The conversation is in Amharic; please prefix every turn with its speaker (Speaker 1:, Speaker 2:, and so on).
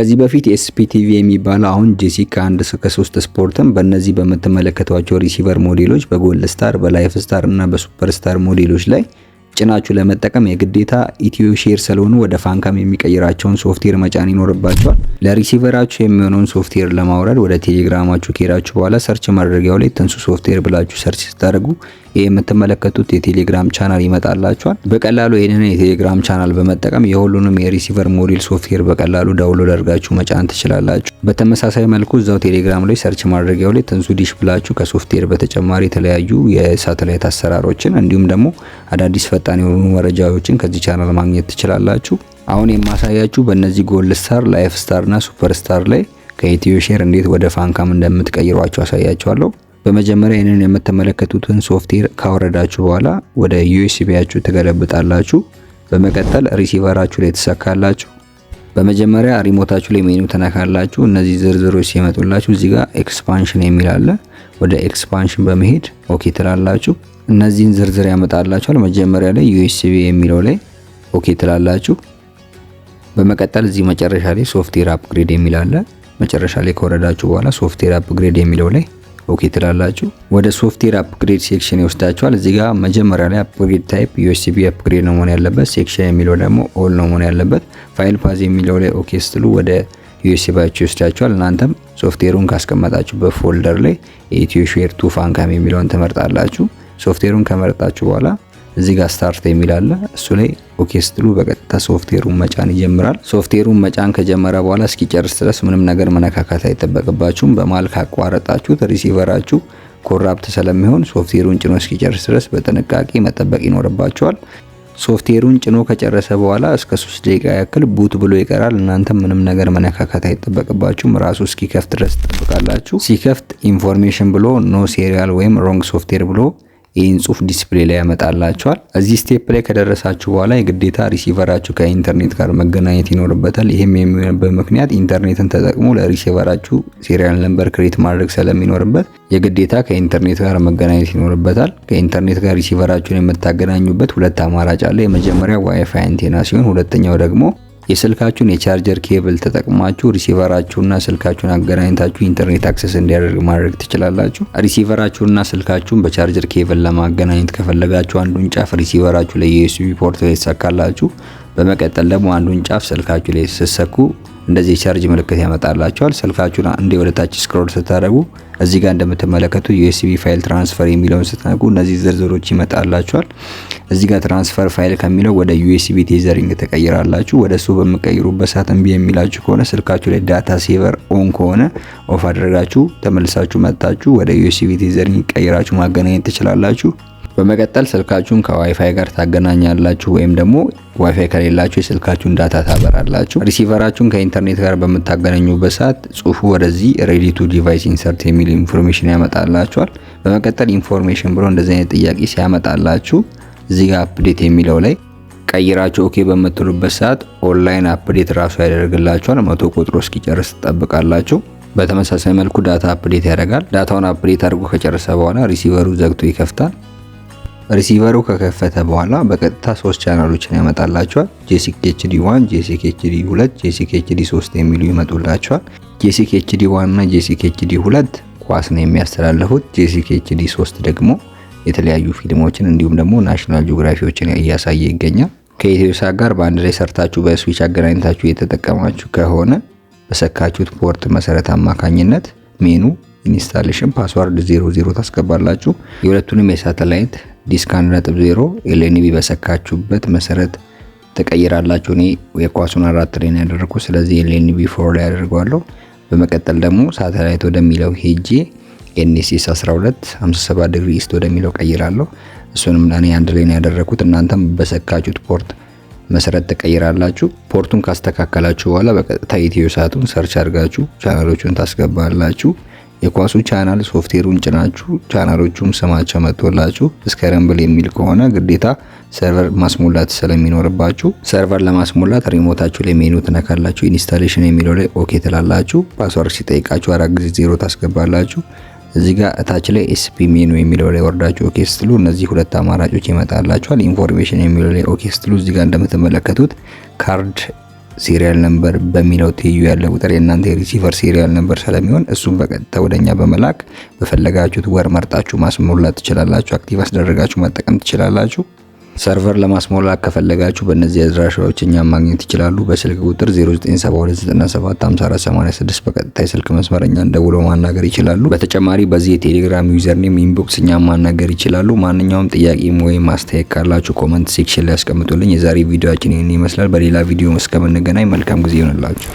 Speaker 1: ከዚህ በፊት ኤስፒቲቪ የሚባለው አሁን ጄሲ ከአንድ እስከ ሶስት ስፖርትም በእነዚህ በምትመለከቷቸው ሪሲቨር ሞዴሎች በጎል ስታር፣ በላይፍ ስታር እና በሱፐር ስታር ሞዴሎች ላይ ጭናችሁ ለመጠቀም የግዴታ ኢትዮ ሼር ስለሆኑ ወደ ፋንካም የሚቀይራቸውን ሶፍትዌር መጫን ይኖርባቸዋል። ለሪሲቨራችሁ የሚሆነውን ሶፍትዌር ለማውረድ ወደ ቴሌግራማችሁ ከሄዳችሁ በኋላ ሰርች ማድረጊያው ላይ ትንሱ ሶፍትዌር ብላችሁ ሰርች ስታደርጉ ይህ የምትመለከቱት የቴሌግራም ቻናል ይመጣላችኋል። በቀላሉ ይህንን የቴሌግራም ቻናል በመጠቀም የሁሉንም የሪሲቨር ሞዴል ሶፍትዌር በቀላሉ ዳውንሎድ አድርጋችሁ መጫን ትችላላችሁ። በተመሳሳይ መልኩ እዛው ቴሌግራም ላይ ሰርች ማድረጊያው ላይ ትንሱ ዲሽ ብላችሁ ከሶፍትዌር በተጨማሪ የተለያዩ የሳተላይት አሰራሮችን እንዲሁም ደግሞ አዳዲስ ፈጣን የሆኑ መረጃዎችን ከዚህ ቻናል ማግኘት ትችላላችሁ። አሁን የማሳያችሁ በእነዚህ ጎል ስታር፣ ላይፍ ስታር እና ሱፐር ስታር ላይ ከኢትዮ ሼር እንዴት ወደ ፋንካም እንደምትቀይሯቸው አሳያችኋለሁ። በመጀመሪያ ይህንን የምትመለከቱትን ሶፍትዌር ካወረዳችሁ በኋላ ወደ ዩኤስቢያችሁ ትገለብጣላችሁ። በመቀጠል ሪሲቨራችሁ ላይ ትሰካላችሁ። በመጀመሪያ ሪሞታችሁ ላይ ሜኑ ተነካላችሁ። እነዚህ ዝርዝሮች ሲመጡላችሁ እዚህ ጋር ኤክስፓንሽን የሚል አለ። ወደ ኤክስፓንሽን በመሄድ ኦኬ ትላላችሁ። እነዚህን ዝርዝር ያመጣላችኋል። መጀመሪያ ላይ ዩኤስቢ የሚለው ላይ ኦኬ ትላላችሁ። በመቀጠል እዚህ መጨረሻ ላይ ሶፍትዌር አፕግሬድ የሚል አለ። መጨረሻ ላይ ከወረዳችሁ በኋላ ሶፍትዌር አፕግሬድ የሚለው ላይ ኦኬ ትላላችሁ። ወደ ሶፍትዌር አፕግሬድ ሴክሽን ይወስዳችኋል። እዚህ ጋር መጀመሪያ ላይ አፕግሬድ ታይፕ ዩኤስቢ አፕግሬድ ነው መሆን ያለበት። ሴክሽን የሚለው ደግሞ ኦል ነው መሆን ያለበት። ፋይል ፓዝ የሚለው ላይ ኦኬ ስትሉ ወደ ዩኤስቢያችሁ ይወስዳችኋል። እናንተም ሶፍትዌሩን ካስቀመጣችሁበት ፎልደር ላይ ሼር ቱ ፋንካም የሚለውን ትመርጣላችሁ። ሶፍትዌሩን ከመረጣችሁ በኋላ እዚህ ጋር ስታርት የሚል አለ። እሱ ላይ ኦኬ ስትሉ በቀጥታ ሶፍትዌሩን መጫን ይጀምራል። ሶፍትዌሩን መጫን ከጀመረ በኋላ እስኪጨርስ ድረስ ምንም ነገር መነካካት አይጠበቅባችሁም። በመሀል ካቋረጣችሁት ሪሲቨራችሁ ኮራፕት ስለሚሆን ሶፍትዌሩን ጭኖ እስኪጨርስ ድረስ በጥንቃቄ መጠበቅ ይኖርባችኋል። ሶፍትዌሩን ጭኖ ከጨረሰ በኋላ እስከ ሶስት ደቂቃ ያክል ቡት ብሎ ይቀራል። እናንተም ምንም ነገር መነካካት አይጠበቅባችሁም። ራሱ እስኪከፍት ድረስ ትጠብቃላችሁ። ሲከፍት ኢንፎርሜሽን ብሎ ኖ ሴሪያል ወይም ሮንግ ሶፍትዌር ብሎ ይህን ጽሁፍ ዲስፕሌይ ላይ ያመጣላቸዋል። እዚህ ስቴፕ ላይ ከደረሳችሁ በኋላ የግዴታ ሪሲቨራችሁ ከኢንተርኔት ጋር መገናኘት ይኖርበታል። ይህም የሚሆንበት ምክንያት ኢንተርኔትን ተጠቅሞ ለሪሲቨራችሁ ሴሪያል ነምበር ክሬት ማድረግ ስለሚኖርበት የግዴታ ከኢንተርኔት ጋር መገናኘት ይኖርበታል። ከኢንተርኔት ጋር ሪሲቨራችሁን የምታገናኙበት ሁለት አማራጭ አለ። የመጀመሪያ ዋይፋይ አንቴና ሲሆን ሁለተኛው ደግሞ የስልካችሁን የቻርጀር ኬብል ተጠቅማችሁ ሪሲቨራችሁና ስልካችሁን አገናኝታችሁ ኢንተርኔት አክሰስ እንዲያደርግ ማድረግ ትችላላችሁ። ሪሲቨራችሁና ስልካችሁን በቻርጀር ኬብል ለማገናኘት ከፈለጋችሁ አንዱን ጫፍ ሪሲቨራችሁ ላይ የዩኤስቢ ፖርት ላይ ትሰካላችሁ። በመቀጠል ደግሞ አንዱን ጫፍ ስልካችሁ ላይ ስትሰኩ እንደዚህ የቻርጅ ምልክት ያመጣላቸዋል። ስልካችሁን አንዴ ወደ ታች ስክሮል ስታደርጉ እዚህ ጋር እንደምትመለከቱ ዩኤስቢ ፋይል ትራንስፈር የሚለውን ስትነቁ እነዚህ ዝርዝሮች ይመጣላቸዋል። እዚህ ጋር ትራንስፈር ፋይል ከሚለው ወደ ዩኤስቢ ቴዘሪንግ ተቀይራላችሁ። ወደ እሱ በምቀይሩበት ሰዓት እምቢ የሚላችሁ ከሆነ ስልካችሁ ላይ ዳታ ሴቨር ኦን ከሆነ ኦፍ አድርጋችሁ ተመልሳችሁ መጥታችሁ ወደ ዩኤስቢ ቴዘሪንግ ቀይራችሁ ማገናኘት ትችላላችሁ። በመቀጠል ስልካችሁን ከዋይፋይ ጋር ታገናኛላችሁ ወይም ደግሞ ዋይፋይ ከሌላችሁ የስልካችሁን ዳታ ታበራላችሁ። ሪሲቨራችሁን ከኢንተርኔት ጋር በምታገናኙበት ሰዓት ጽሁፉ ወደዚህ ሬዲ ቱ ዲቫይስ ኢንሰርት የሚል ኢንፎርሜሽን ያመጣላችኋል። በመቀጠል ኢንፎርሜሽን ብሎ እንደዚህ አይነት ጥያቄ ሲያመጣላችሁ እዚህ ጋር አፕዴት የሚለው ላይ ቀይራችሁ ኦኬ በምትሉበት ሰዓት ኦንላይን አፕዴት ራሱ ያደርግላችኋል። መቶ ቁጥሩ እስኪጨርስ ትጠብቃላችሁ። በተመሳሳይ መልኩ ዳታ አፕዴት ያደርጋል። ዳታውን አፕዴት አድርጎ ከጨረሰ በኋላ ሪሲቨሩ ዘግቶ ይከፍታል። ሪሲቨሩ ከከፈተ በኋላ በቀጥታ ሶስት ቻናሎችን ያመጣላቸዋል። ጄሲክ ኤችዲ 1፣ ጄሲክ ኤችዲ 2፣ ጄሲክ ኤችዲ 3 የሚሉ ይመጡላቸዋል። ጄሲክ ኤችዲ 1 እና ጄሲክ ኤችዲ 2 ኳስ ነው የሚያስተላልፉት። ጄሲክ ኤችዲ 3 ደግሞ የተለያዩ ፊልሞችን እንዲሁም ደግሞ ናሽናል ጂኦግራፊዎችን እያሳየ ይገኛል። ከኢትዮሳ ጋር በአንድ ላይ ሰርታችሁ በስዊች አገናኝታችሁ የተጠቀማችሁ ከሆነ በሰካችሁት ፖርት መሰረት አማካኝነት ሜኑ ኢንስታሌሽን ፓስዋርድ 00 ታስገባላችሁ። የሁለቱንም የሳተላይት ዲስክ 1.0 ኤልኤንቢ በሰካችሁበት መሰረት ተቀይራላችሁ። እኔ የኳሱን አራት ላይ ነው ስለዚህ ኤልኤንቢ ፎር ላይ አደርገዋለሁ። በመቀጠል ደግሞ ሳተላይት ወደሚለው ሄጄ ኤንኤስኤስ 12 57 ዲግሪ ኢስት ወደሚለው ቀይራለሁ። እሱንም ለኔ አንድ ላይ ያደረግኩት፣ እናንተም በሰካችሁት ፖርት መሰረት ተቀይራላችሁ። ፖርቱን ካስተካከላችሁ በኋላ በቀጥታ ኢትዮሳቱን ሰርች አድርጋችሁ ቻናሎቹን ታስገባላችሁ። የኳሱ ቻናል ሶፍትዌሩን ጭናችሁ ቻናሎቹም ስማቸው መጥቶላችሁ እስከ ረምብል የሚል ከሆነ ግዴታ ሰርቨር ማስሞላት ስለሚኖርባችሁ ሰርቨር ለማስሞላት ሪሞታችሁ ላይ ሜኑ ትነካላችሁ። ኢንስታሌሽን የሚለው ላይ ኦኬ ትላላችሁ። ፓስወርድ ሲጠይቃችሁ አራት ጊዜ ዜሮ ታስገባላችሁ። እዚህ ጋር እታች ላይ ኤስፒ ሜኑ የሚለው ላይ ወርዳችሁ ኦኬ ስትሉ እነዚህ ሁለት አማራጮች ይመጣላችኋል። ኢንፎርሜሽን የሚለው ላይ ኦኬ ስትሉ እዚህ ጋር እንደምትመለከቱት ካርድ ሲሪያል ነምበር በሚለው ትይዩ ያለ ቁጥር የእናንተ የሪሲቨር ሲሪያል ነምበር ስለሚሆን እሱም በቀጥታ ወደኛ በመላክ በፈለጋችሁት ወር መርጣችሁ ማስሞላት ትችላላችሁ። አክቲቭ አስደረጋችሁ መጠቀም ትችላላችሁ። ሰርቨር ለማስሞላት ከፈለጋችሁ በእነዚህ አድራሻዎች እኛ ማግኘት ይችላሉ። በስልክ ቁጥር 0972975486 በቀጥታ የስልክ መስመር እኛን ደውለው ማናገር ይችላሉ። በተጨማሪ በዚህ የቴሌግራም ዩዘርኔም ኢንቦክስ እኛ ማናገር ይችላሉ። ማንኛውም ጥያቄም ወይም ማስተያየት ካላችሁ ኮመንት ሴክሽን ላይ ያስቀምጡልኝ። የዛሬ ቪዲዮችን ይህን ይመስላል። በሌላ ቪዲዮ እስከምንገናኝ መልካም ጊዜ ይሆንላችሁ።